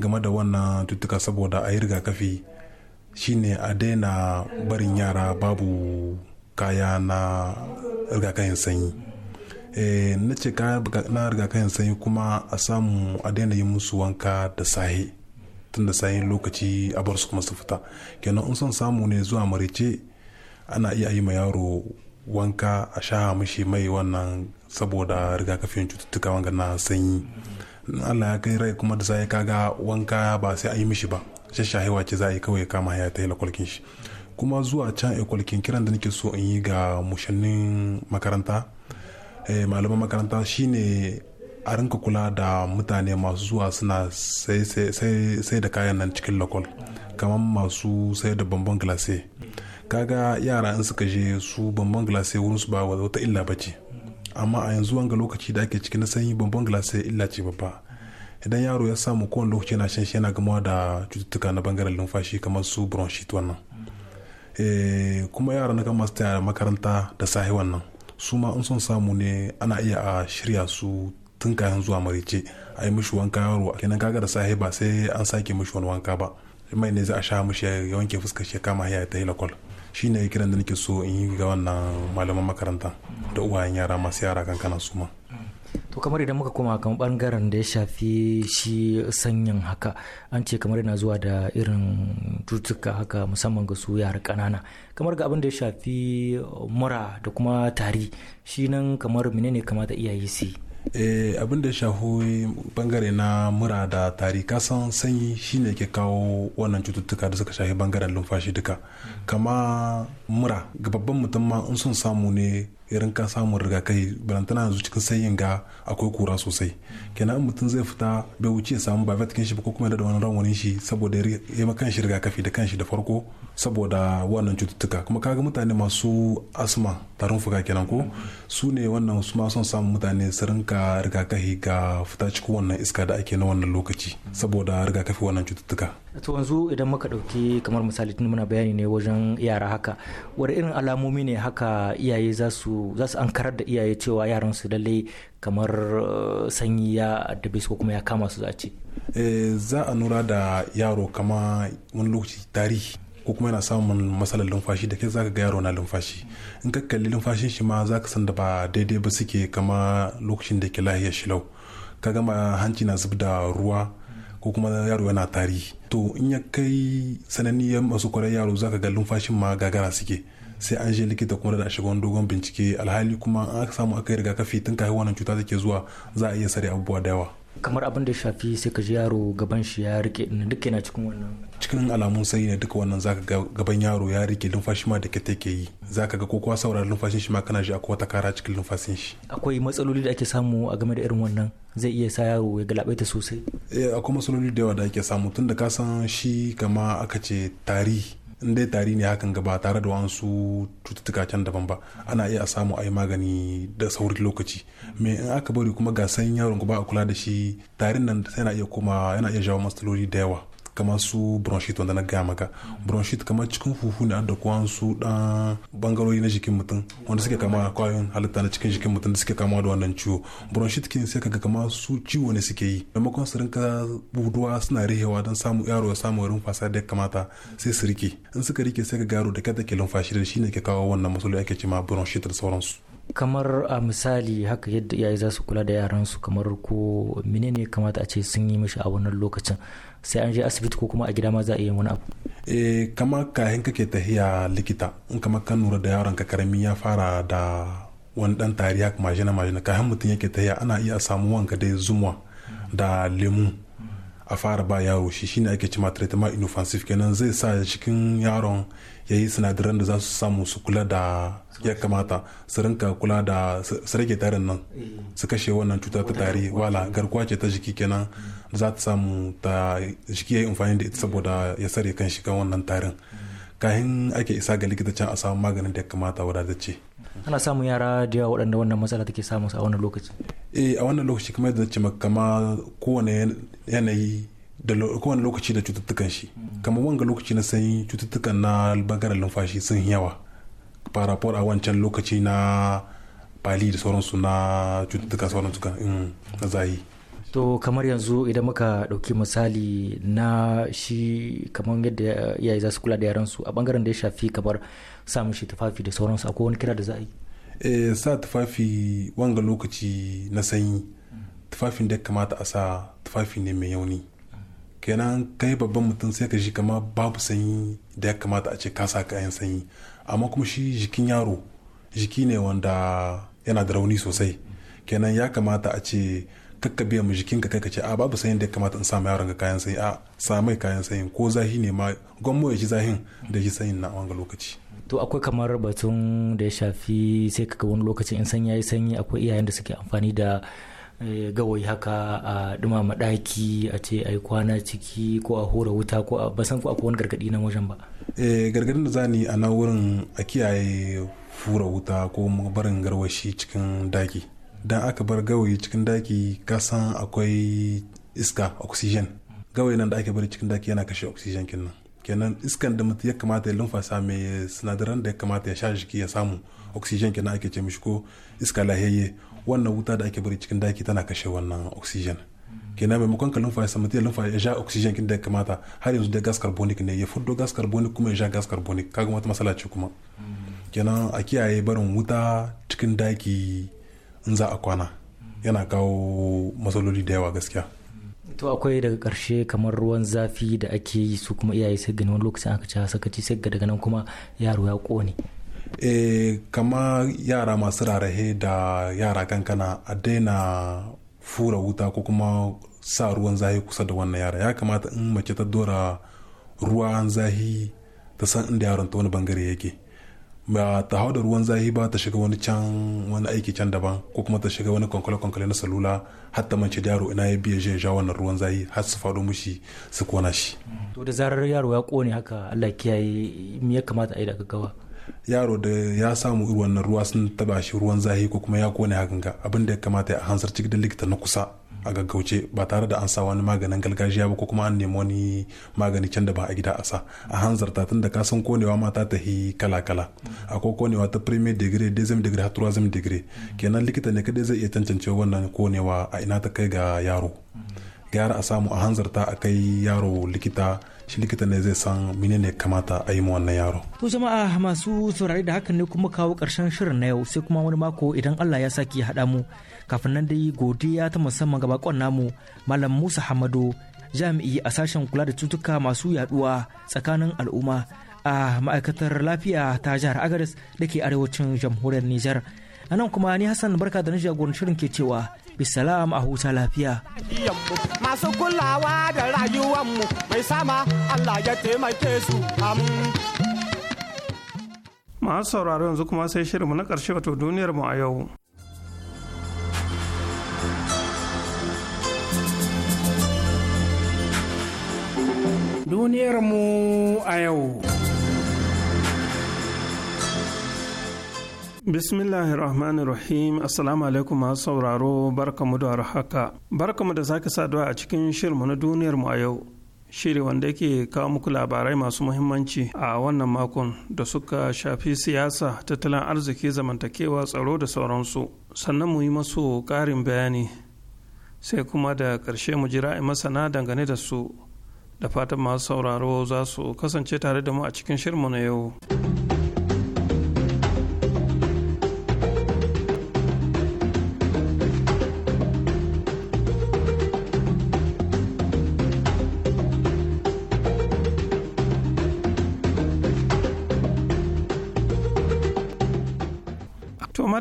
game da wannan cututtuka saboda a yi rigakafi shine a daina barin yara babu kaya na rigakafin sanyi eh, na ce kaya na rigakafin sanyi kuma a samu a daina yi musu wanka da sahi tun da sahi lokaci a bar su kuma su fita kenan in son samu ne zuwa marice ana iya yi ma yaro wanka a sha mishi mai wannan saboda rigakafin cututtuka wanga na sanyi Allah ya kai rai kuma da sai kaga wanka ba sai a yi mishi ba haihuwa ce za a yi kawai kama ya ta yi lakwalkin shi kuma zuwa can ekwalkin kiran da nake so in yi ga mushannin makaranta eh, malaman makaranta shine a rinka kula da mutane masu zuwa suna sai da kayan nan cikin lokal kamar masu sai da bambam ka kaga yara in suka je su bambam glase wurin su ba wata illa bace amma a yanzu wanga lokaci da ake cikin na sanyi bambam glace illa ce babba idan yaro ya samu kowane lokaci yana shan shi yana gamawa da cututtuka na bangaren numfashi kamar su bronchit wannan eh, kuma yara na kama masu taya makaranta da sahi wannan su ma in son samu ne ana iya a shirya su tun kayan zuwa marice a yi mishi wanka yaro a kenan kaga da sahi ba sai an sake mishi wani wanka ba mai ne za a sha mishi ya wanke fuska shi kama ya ta hilakol shi ne kiran da nake so in yi ga wannan malaman makaranta da uwayen yara masu yara kankana su ma. to kamar idan muka koma kan bangaren da ya shafi shi sanyin haka an ce kamar yana zuwa da irin cututtuka haka musamman ga su yara kanana kamar ga abin da ya shafi mura da kuma tari shi nan kamar menene kamata iyaye su eh, abin da ya shafi bangare na mura da tari kasan sanyi shine ke kawo wannan cututtuka da suka shafi bangaren lumfashi duka kama mura ga babban mutum ma in sun samu ne irin ka samun rigakafi balantana yanzu cikin sanyin ga akwai kura sosai kenan in mutum zai fita bai wuce samu ba vatkin shi ba ko kuma da wani ran shi saboda ya ma riga rigakafi da kan shi da farko saboda wannan cututtuka kuma kaga mutane masu asma tarin fuka kenan ko su ne wannan su ma son samun mutane su rinka rigakafi ga fita cikin wannan iska da ake na wannan lokaci saboda rigakafi wannan cututtuka to yanzu idan muka dauki kamar misali tun muna bayani ne wajen yara haka wani irin alamomi ne haka iyaye za su za su ankarar da iyaye cewa yaran su lalle kamar eh, sanyi ya addabe su ko kuma ya kama su za a ce eh, za a nura da yaro kama wani lokaci tarihi ko kuma yana samun matsalar lumfashi da ke zaka ga yaro na lumfashi in ka kalli lumfashin shi ma zaka san da ba daidai ba suke kama lokacin da ke lahiya shi lau ka gama hanci na zub da ruwa ko kuma yaro yana tari to in ya kai sananniyar masu kwarar yaro zaka ga lumfashin ma gagara suke sai an je likita kuma da shiga wani dogon bincike alhali kuma an samu aka yi rigakafi tun kafin wannan cuta take zuwa za a iya sare abubuwa da yawa kamar abin da shafi sai ka ji yaro gaban shi ya rike duk yana cikin wannan cikin alamun sai ne duka wannan zaka ga gaban yaro ya rike numfashi ma da ke take yi zaka ga kokowa saurar numfashin shi ma kana ji akwai wata kara cikin numfashin shi akwai matsaloli da ake samu a game da irin wannan zai iya sa yaro ya ta sosai eh akwai matsaloli da yawa da ake samu tun da ka san shi kama aka ce tarihi in dai tari ne hakan ba tare da wasu cututtuka can daban ba ana iya samu a yi magani da saurin lokaci me in aka bari kuma ga san yaron ba a kula da shi tarin nan yana iya koma yana iya jawo matsaloli da yawa kamar su bronchit wanda na gaya maka bronchit kamar cikin huhu ne da kuwan su dan bangarori na jikin mutum wanda suke kama kwayoyin halitta na cikin jikin mutum da suke kama da wannan ciwo bronchit kin sai kaga kamar su ciwo ne suke yi maimakon su rinka buduwa suna rihewa don samu yaro ya samu fasa da ya kamata sai su rike in suka rike sai ka yaro da kada ke lumfashi da shi ne ke kawo wannan matsaloli ake cema bronchit da sauransu kamar a misali haka yadda iyaye za su kula da yaran su kamar ko menene kamata a ce sun yi mishi a wannan lokacin sai an je asibiti ko kuma a gida ma za a iya wani abu e eh, ka kayan kake tahiya likita in kamar kan nura da yaron ka karami ya fara da wani dan tari haka majina ka kayan mutum yake tahiya ana iya samu wanka da zumwa da lemu a fara ba yaro shi shine ake cima treatment inoffensive kenan zai sa cikin yaron ya yi sinadaran da za su samu su kula da ya kamata su rinka kula da su rage tarin nan su kashe wannan cuta ta tari wala garkuwa ce ta jiki kenan za ta samu ta jiki amfani da ita saboda ya sare kan shiga wannan tarin kayan ake isa ga likita can a samu maganin da ya kamata wadatacce ana samun yara da yawa waɗanda wannan matsala take samun a wannan lokaci eh a wannan lokaci kamar yadda ce kama kowane yanayi da kowane lokaci da cututtukan shi kamar wanga lokaci na sanyi cututtukan na bangaren lumfashi sun yawa farafar a wancan lokaci na bali da sauransu na cututtuka sauransu mm, na zahi to kamar yanzu idan muka ɗauki misali na shi kamar yadda iyaye za su kula da yaransu a bangaren da ya shafi kamar samun shi tufafi da sauransu akwai wani kira da za a yi eh, sa tufafi wanga lokaci na sanyi tufafin da kamata a sa tufafi ne mai yauni kenan kai babban mutum sai ka ji kama babu sanyi da ya kamata a ce ka sa kayan sanyi amma kuma shi jikin yaro jiki ne wanda yana da rauni sosai kenan ya kamata a ce kakka biya mu jikinka kai ka ce a babu sayin da ya kamata in samu yaron ka kayan sayi a samai kayan sayin ko zahi ne ma gwamma ya ji zahin da ji sayin na wanga lokaci to akwai kamar batun da ya shafi sai kaga wani lokacin in sanyi yi sanyi akwai iyayen da suke amfani da eh, gawayi haka a dumama daki a ce ai kwana ciki ko a hura wuta ko a basan ko akwai wani gargadi na wajen ba eh, gargadin da zani a na wurin a kiyaye fura wuta ko barin garwashi cikin daki dan aka bar gawayi cikin daki kasan akwai iska oxygen gawayi nan da ake bari cikin daki yana kashe oxygen kinnan kenan iskan da mutum ya kamata ya lumfasa mai sinadaran da ya kamata ya sha jiki ya samu oxygen kenan ake ce mishi ko iska lahiyayye wannan wuta da ake bari cikin daki tana kashe wannan oxygen kenan maimakon ka lumfasa mutum ya lumfasa ya sha oxygen kin da ya kamata har yanzu da gas carbonic ne ya fuddo gas carbonic kuma ya sha gas carbonic kaga wata matsala ce kuma mm. kenan a kiyaye barin wuta cikin daki in za a kwana yana kawo matsaloli da yawa gaskiya to akwai daga karshe kamar ruwan zafi da ake yi su kuma iyaye sai gani wani lokacin aka ci sakaci sai ga daga nan kuma yaro ya kone e eh, kama yara masu rarrahe da yara kankana a daina fura wuta ko kuma sa ruwan zafi kusa da wannan yara ya kamata in mace ta dora ruwan zafi ta san inda yaron ta wani bangare yake ba ta hau da ruwan zahi ba ta shiga wani can wani aiki can daban ko kuma ta shiga wani kwankwale kwankale na salula har ta mance yaro ina ya biya jin ja wannan ruwan zahi har su faɗo mushi su kona shi to da zarar yaro ya kone haka Allah kiyaye me ya kamata a yi da gaba. yaro da ya samu wannan ruwa sun taba shi ruwan zahi ko kuma ya kone hakan ga abin da ya kamata a hansar cikin likita na kusa a gaggauce ba tare da an sa wani maganin gargajiya ba ko kuma an nemi wani magani can da ba a gida a sa a hanzarta tun da ka san konewa ma ta tafi kala kala akwai konewa ta premier degree dezem degree har turazem degree kenan likita ne kadai zai iya tantance wannan konewa a ina ta kai ga yaro gyara a samu a hanzarta a kai yaro likita shi likita ne zai san mine ne kamata a yi ma wannan yaro. To jama'a masu saurari da hakan ne kuma kawo karshen shirin na yau sai kuma wani mako idan Allah ya saki haɗa mu kafin nan dai godiya ta musamman ga bakon namu malam musa hamadu jami'i a sashen kula da cutuka masu yaduwa tsakanin al'umma a ma'aikatar lafiya ta jihar agadis da ke arewacin jamhuriyar nijar a nan kuma ni hassan barka da na gwamnati shirin ke cewa bisalam a huta lafiya masu kulawa da rayuwanmu mai sama allah ya taimake su masu sauraro yanzu kuma sai shirinmu na ƙarshe wato duniyar mu a yau duniyar mu a yau. Bismillahir Rahmanir Rahim Assalamu alaikum masu sauraro barkamu da haka. Barkamu da sake saduwa a cikin shirmu na duniyar mu a yau. Shiri wanda yake kawo muku labarai masu muhimmanci a wannan makon da suka shafi siyasa, tattalin arziki, zamantakewa, tsaro da sauransu. Sannan mu yi masu karin bayani sai kuma da ƙarshe mu jira masana dangane da su. da fatan masu sauraro za su kasance tare da mu a cikin shirmu na yau.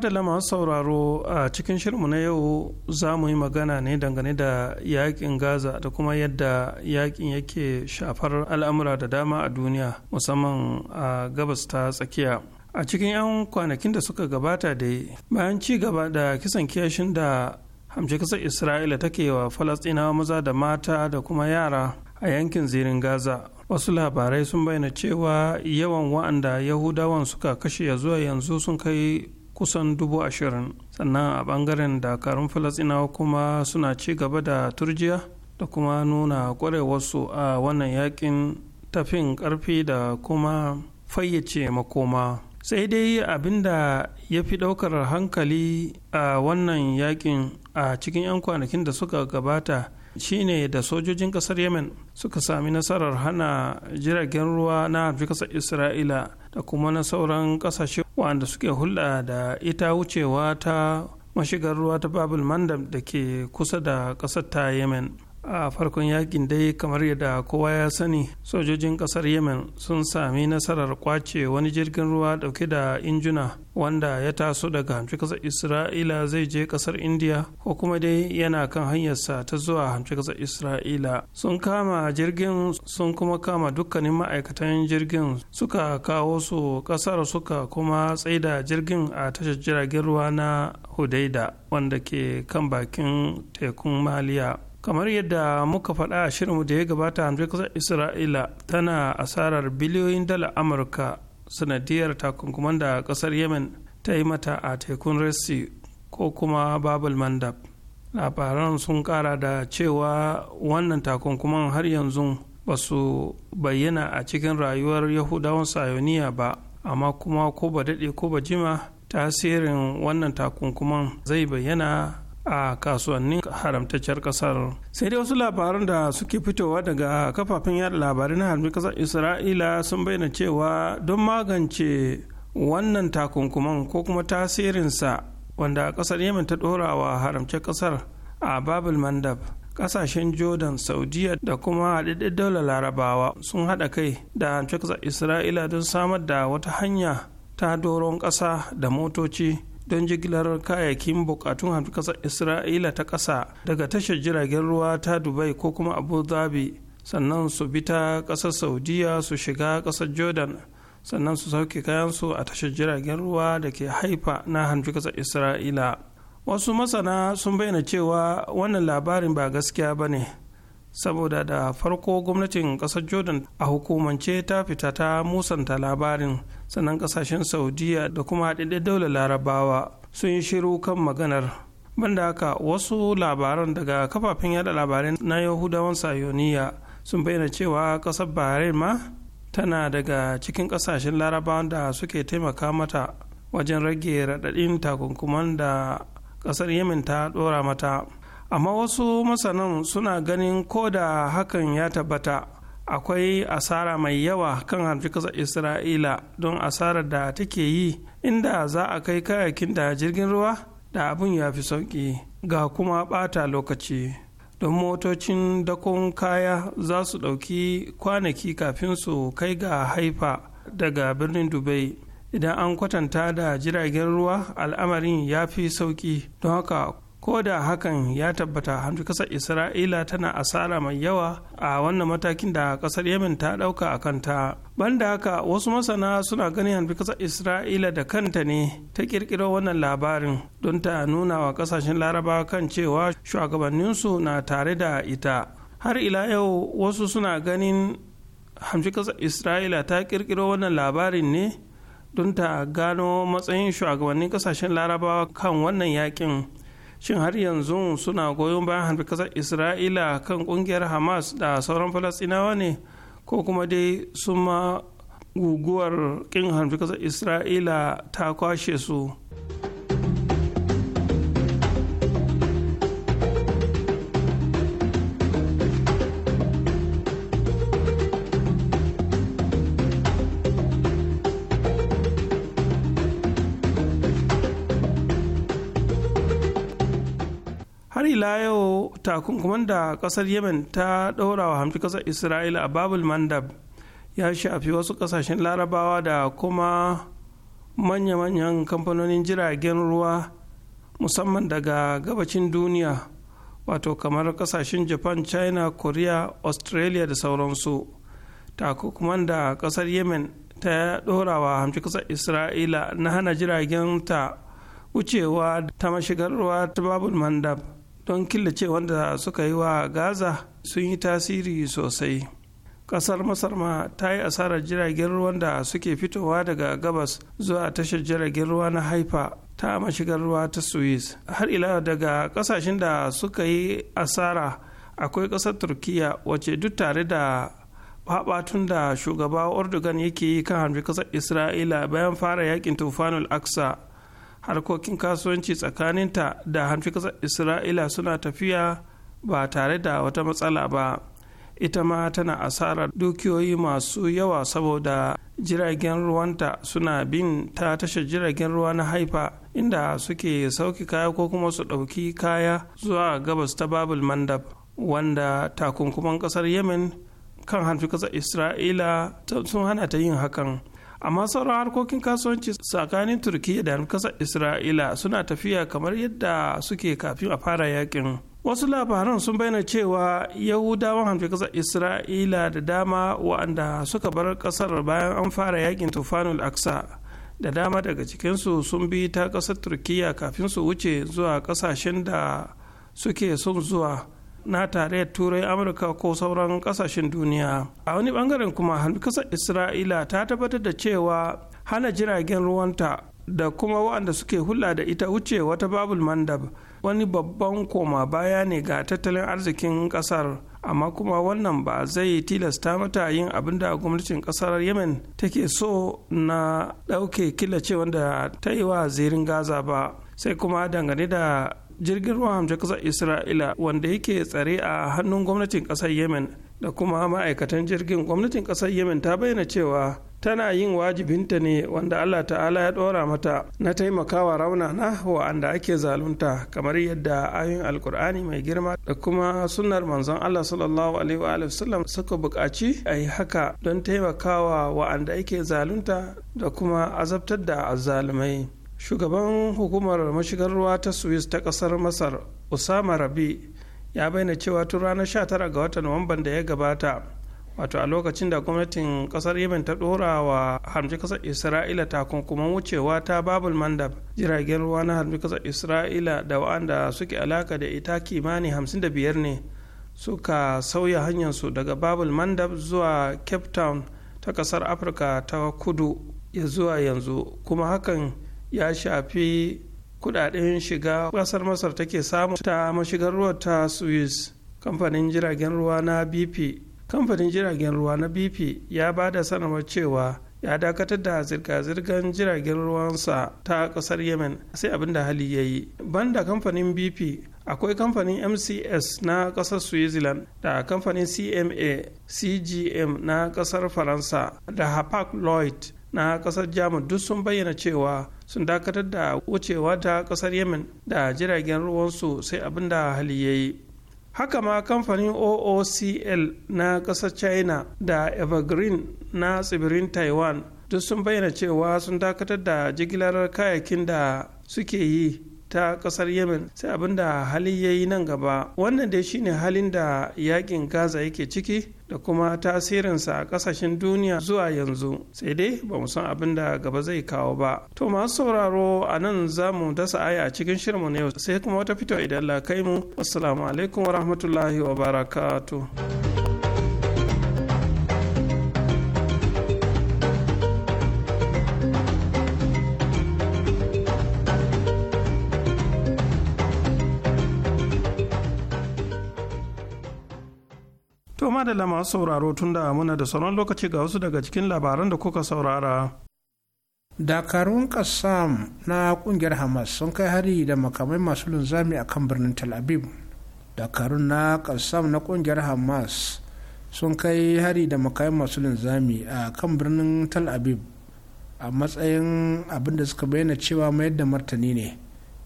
madalla masu sauraro a cikin shirinmu na yau za mu yi magana ne dangane da yakin gaza da kuma yadda yakin yake shafar al'amura da dama a duniya musamman a gabas ta tsakiya a cikin 'yan kwanakin da suka gabata da bayan ci gaba da kisan kiyashin da hamshe kasar isra'ila take wa falastinawa maza da mata da kuma yara a yankin zirin gaza wasu labarai sun bayyana cewa yawan wa'anda yahudawan suka kashe ya zuwa yanzu sun kai kusan dubu ashirin sannan a bangaren dakarun falasinawa kuma suna ci gaba da turjiya da kuma nuna kwarewarsu a wannan yakin tafin karfi da kuma fayyace makoma sai dai abinda ya fi daukar hankali a wannan yakin a cikin 'yan kwanakin da suka gabata shine da sojojin kasar yemen suka sami nasarar hana jiragen ruwa na kasar isra'ila da kuma na sauran kasashe wanda suke hulɗa da ita wucewa ta mashigar ruwa ta babul mandam da ke kusa da ƙasar ta yemen a farkon yakin dai kamar yadda kowa ya sani sojojin kasar yemen sun sami nasarar kwace wani jirgin ruwa dauke da injuna wanda ya taso daga hamci kasar isra'ila zai je kasar indiya ko kuma dai yana kan hanyarsa ta zuwa hamci kasar isra'ila sun kama jirgin sun kuma kama dukkanin ma'aikatan jirgin suka kawo su kasar suka kuma tsaida jirgin a tashar jiragen ruwa na hudaida wanda ke kan bakin tekun maliya kamar yadda muka faɗa a shirinmu da ya gabata hamdai isra'ila tana asarar biliyoyin dala amurka sanadiyar takunkuman da ƙasar yemen ta yi mata a tekun resi ko kuma babul mandab labaran sun ƙara da cewa wannan takunkuman har yanzu ba su bayyana a cikin rayuwar yahudawan sayoniya ba amma kuma ko ba daɗe ko ba jima tasirin wannan takunkuman zai bayyana a kasuwannin haramtacciyar kasar sai dai wasu labaran da suke fitowa daga kafafen yada labarai na harbi kasar isra'ila sun bayyana cewa don magance wannan takunkuman ko kuma tasirinsa wanda kasar yemen ta dora wa haramce kasar a babul mandab kasashen jordan saudiya da kuma haɗaɗɗen daular larabawa sun haɗa kai da haramce kasar isra'ila don samar da wata hanya ta doron ƙasa da motoci don jigilar kayayyakin bukatun hamfi kasar isra'ila ta ƙasa daga tashar jiragen ruwa ta dubai ko kuma abu dhabi sannan su bi ta ƙasar saudiya su shiga ƙasar jordan sannan su sauke kayansu a tashar jiragen ruwa da ke haifa na hamfi kasar isra'ila wasu masana sun bayyana cewa wannan labarin ba gaskiya ba ne saboda da farko gwamnatin kasar jordan a hukumance ta fita ta musanta labarin sannan kasashen saudiya da kuma haɗaɗɗen daular larabawa sun yi shiru kan maganar banda haka wasu labaran daga kafafen yada labarai na yahudawan sayoniya sun bayyana cewa kasar bahrain ma tana daga cikin kasashen larabawan da suke taimaka mata wajen rage raɗaɗin takunkuman da kasar yemen ta ɗora mata amma wasu masanan suna ganin ko da hakan ya tabbata akwai asara mai yawa kan harfi kasa isra'ila don asarar da take yi inda za a kai kayakin da jirgin ruwa da abin ya fi sauƙi ga kuma ɓata lokaci don motocin dakon kaya za su ɗauki kwanaki kafin su kai ga haifa daga birnin dubai idan an kwatanta da jiragen ruwa al'amarin ya fi sauƙi don haka ko da hakan ya tabbata hanzu kasar isra'ila tana asara mai yawa a wannan matakin da kasar yamin ta dauka a kanta banda haka wasu masana suna ganin hanzu kasar isra'ila da kanta ne ta kirkiro wannan labarin don ta nuna wa kasashen laraba kan cewa shugabanninsu na tare da ita har ila yau wasu suna ganin hamshi kasar isra'ila ta kirkiro wannan labarin ne don ta gano matsayin shugabannin kasashen larabawa kan wannan yakin shin har yanzu suna goyon bayan harbi kasar isra'ila kan kungiyar hamas da sauran falastinawa ne ko kuma dai sun ma guguwar kin harbi kasar isra'ila ta kwashe su takunkuman da kasar yemen ta ɗora wa hamci kasar isra'ila a babul mandab ya shafi wasu kasashen larabawa da kuma manya-manyan kamfanonin jiragen ruwa musamman daga gabacin duniya wato kamar kasashen japan china korea australia da sauransu takunkuman da kasar yemen ta ɗora wa hamci kasar isra'ila na hana jiragen ta wucewa ta mashigar ruwa ta babul mandab don killace wanda suka yi wa gaza sun yi tasiri sosai kasar masar ma ta yi asarar jiragen ruwan da suke fitowa daga gabas zuwa tashar jiragen ruwa na haifa ta mashigar ruwa ta suez har ila daga kasashen da suka yi asara akwai kasar turkiya wace duk tare da babatun da shugaba ordogan yake yi kan hanfi kasar isra'ila bayan fara yakin tufanul aksa harkokin kasuwanci tsakaninta da hanfi ƙasar isra'ila suna tafiya ba tare da wata matsala ba ita ma tana asarar dukiyoyi masu yawa saboda jiragen ruwanta suna bin ta tashar jiragen ruwa na haifa inda suke sauki kaya ko kuma su ɗauki kaya zuwa gabas ta babul mandab wanda takunkuman ƙasar yemen kan hanfi ƙasar isra'ila sun hana ta yin hakan amma sauran harkokin kasuwanci tsakanin turkiyya da kasar isra'ila suna tafiya kamar yadda suke kafin a fara yakin wasu labaran sun bayyana cewa yahudawan hamfi kasar isra'ila da dama wa'anda suka bar kasar bayan an fara yakin tufanul aksa da dama daga cikinsu sun bi ta kasar turkiyya kafin su wuce zuwa kasashen da suke son zuwa na tarayyar turai amurka ko sauran kasashen duniya a wani bangaren kuma kasar isra'ila ta tabbatar da cewa hana jiragen ruwanta da kuma waɗanda suke hula da ita wuce wata babul mandab wani babban koma baya ne ga tattalin arzikin ƙasar amma kuma wannan ba zai tilasta mata yin abin da gwamnatin ƙasar yemen take so na ɗauke killace wanda ta yi wa zirin gaza ba sai kuma dangane da jirgin ruwan hamshe kasar isra'ila wanda yake tsare a hannun gwamnatin kasar yemen da kuma ma'aikatan jirgin gwamnatin kasar yemen ta bayyana cewa tana yin wajibinta ne wanda allah ta'ala ya ɗora mata na taimakawa rauna na wa'anda ake zalunta kamar yadda ayoyin alkur'ani mai girma da kuma sunnar manzon allah sallallahu alaihi wa sallam suka buƙaci a yi haka don taimakawa wa'anda ake zalunta da kuma azabtar da azzalumai shugaban hukumar mashigar ruwa ta swiss ta kasar masar usama rabi ya bayyana cewa tun ranar 19 ga watan nuwamban da ya gabata wato a lokacin da gwamnatin kasar yemen ta dora wa harmji kasar isra'ila takunkuman wucewa ta babul mandab jiragen ruwa na harmji kasar isra'ila da wa'anda suke alaka da ita kimani 55 ne suka sauya hanyarsu daga babul mandab zuwa cape town ta kasar afirka ta kudu ya zuwa yanzu kuma hakan ya shafi kudaden shiga kasar masar take samu ta mashigar ruwa ta suez kamfanin jiragen ruwa na bp kamfanin jiragen ruwa na bp ya ba da sanarwar cewa ya dakatar da zirga-zirgar jiragen ruwansa ta kasar yemen sai abin da hali ya yi banda kamfanin bp akwai kamfanin mcs na kasar switzerland da kamfanin cma cgm na kasar faransa da hapag lloyd na kasar jamus duk sun bayyana cewa sun dakatar da wucewa ta kasar yemen da jiragen ruwansu sai abin da hali ya yi haka ma kamfanin oocl na kasar china da evergreen na tsibirin taiwan duk sun bayyana cewa sun dakatar da jigilar kayakin da suke yi ta kasar yemen sai abin da hali ya yi nan gaba wannan dai shine halin da yakin gaza yake ciki da kuma tasirinsa a kasashen duniya zuwa yanzu sai dai ba mu san abin da gaba zai kawo ba to masu sauraro a nan za mu dasa aya a cikin shirinmu na yau sai kuma wata fito idan la kai mu assalamu alaikum wa rahmatullahi wa barakatuh da masu sauraro tunda muna da sauran lokaci ga wasu daga cikin labaran da kuka saurara. dakarun kassam na kungiyar hamas sun kai hari da makamai masu linzami a kan birnin tel aviv dakarun na kassam na kungiyar hamas sun kai hari da makamai masu linzami a kan birnin tel aviv a matsayin abin da suka bayyana cewa mayar da martani ne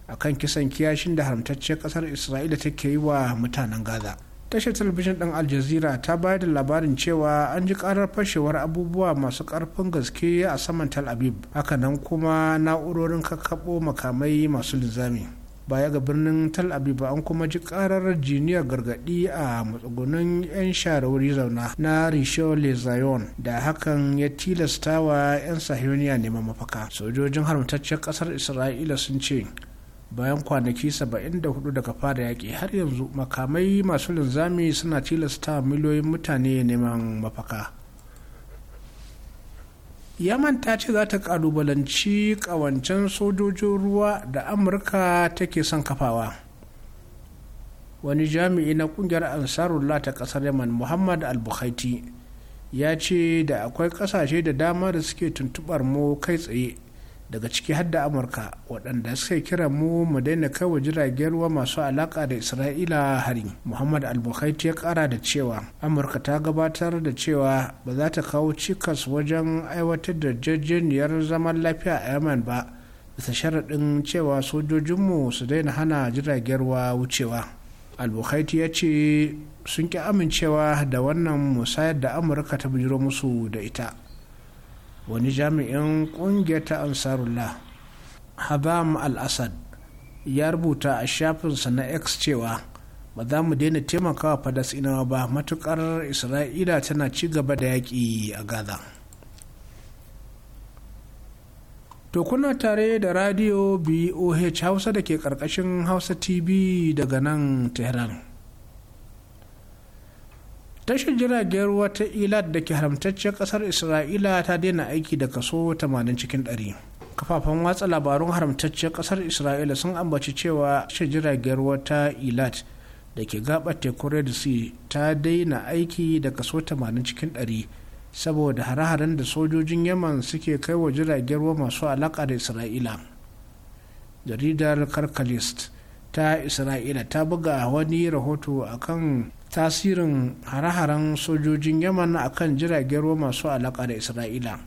akan kisan kiyashin da haramtacce kasar isra'ila take yi wa mutanen gaza tashar talabijin ɗin al jazeera ta bayar da labarin cewa an ji ƙarar fashewar abubuwa masu ƙarfin gaske a saman tal abib hakanan kuma na'urorin kakkaɓo makamai masu linzami baya ga birnin tal abib an kuma ji ƙarar jiniyar gargaɗi a matsugunan 'yan sharawari zauna na risho le zayon da hakan ya tilasta wa 'yan sahiyoniya neman mafaka sojojin haramtaccen ƙasar isra'ila sun ce bayan kwanaki 74 daga fara yaƙi har yanzu makamai masu linzami suna tilasta miliyoyin mutane neman mafaka yaman ta ce za ta kalubalanci kawancen sojojin ruwa da amurka take son kafawa wani jami'i na kungiyar ansarullah ta ƙasar yaman muhammad al-bukhaiti ya ce da akwai ƙasashe da dama da suke tuntubar mu kai tsaye daga ciki har da amurka waɗanda suka kira mu mu daina wa jiragen ruwa masu alaƙa da isra'ila hari muhammad albukaiti ya ƙara da cewa amurka ta gabatar da cewa ba za ta kawo cikas wajen aiwatar da jajjeniyar zaman lafiya a yaman ba bisa sharaɗin cewa sojojinmu su daina hana jiragen ruwa wucewa albukaiti ya ce sun ƙi amincewa da wannan musayar da amurka ta bujiro musu da ita wani jami'in ƙungiyar ta ansarullah habam al-assad ya rubuta a shafinsa na x cewa ba za mu daina taimakawa falasinawa ba matukar isra'ila tana ci gaba da yaƙi a gaza to kuna tare da radio boh hausa da ke karkashin hausa tv daga nan tehran tashin jiragen ruwa ta ilad da ke haramtaccen kasar isra'ila ta daina aiki da kaso 80 cikin 100 kafafen watsa labarun haramtaccen kasar isra'ila sun ambaci cewa tashin jiragen ruwa ta ilad da ke gabar tekun red sea ta daina aiki da kaso 80 cikin 100 saboda hare-haren da sojojin yaman suke kai wa jiragen ruwa masu alaka da isra'ila jaridar karkalist ta isra'ila ta buga wani rahoto akan tasirin hare-haren sojojin yaman a kan jiragen ruwa masu alaƙa da isra'ila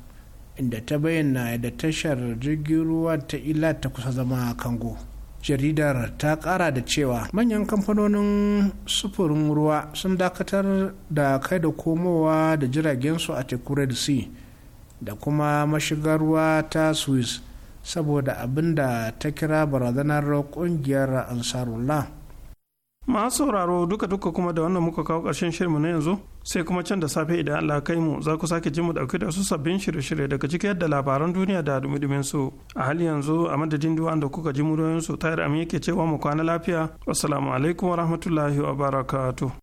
inda ta bayyana da tashar jirgin ruwa ta ila ta kusa zama kango jaridar ta ƙara da cewa manyan kamfanonin sufurin ruwa sun dakatar da kai da komowa da jiragensu a teku red sea da kuma mashigar ruwa ta swiss saboda abin da ta kira barazanar ƙungiyar ansarullah masu sauraro duka duka kuma da wannan muka kawo ƙarshen shirinmu na yanzu sai kuma can da safe idan Allah kai mu za ku sake jin mu dauke da su sabbin shirye-shirye daga cikin yadda labaran duniya da dumi su a hali yanzu a madadin duwan da kuka ji muryoyin su tayar amin yake cewa mu kwana lafiya assalamu alaikum wa rahmatullahi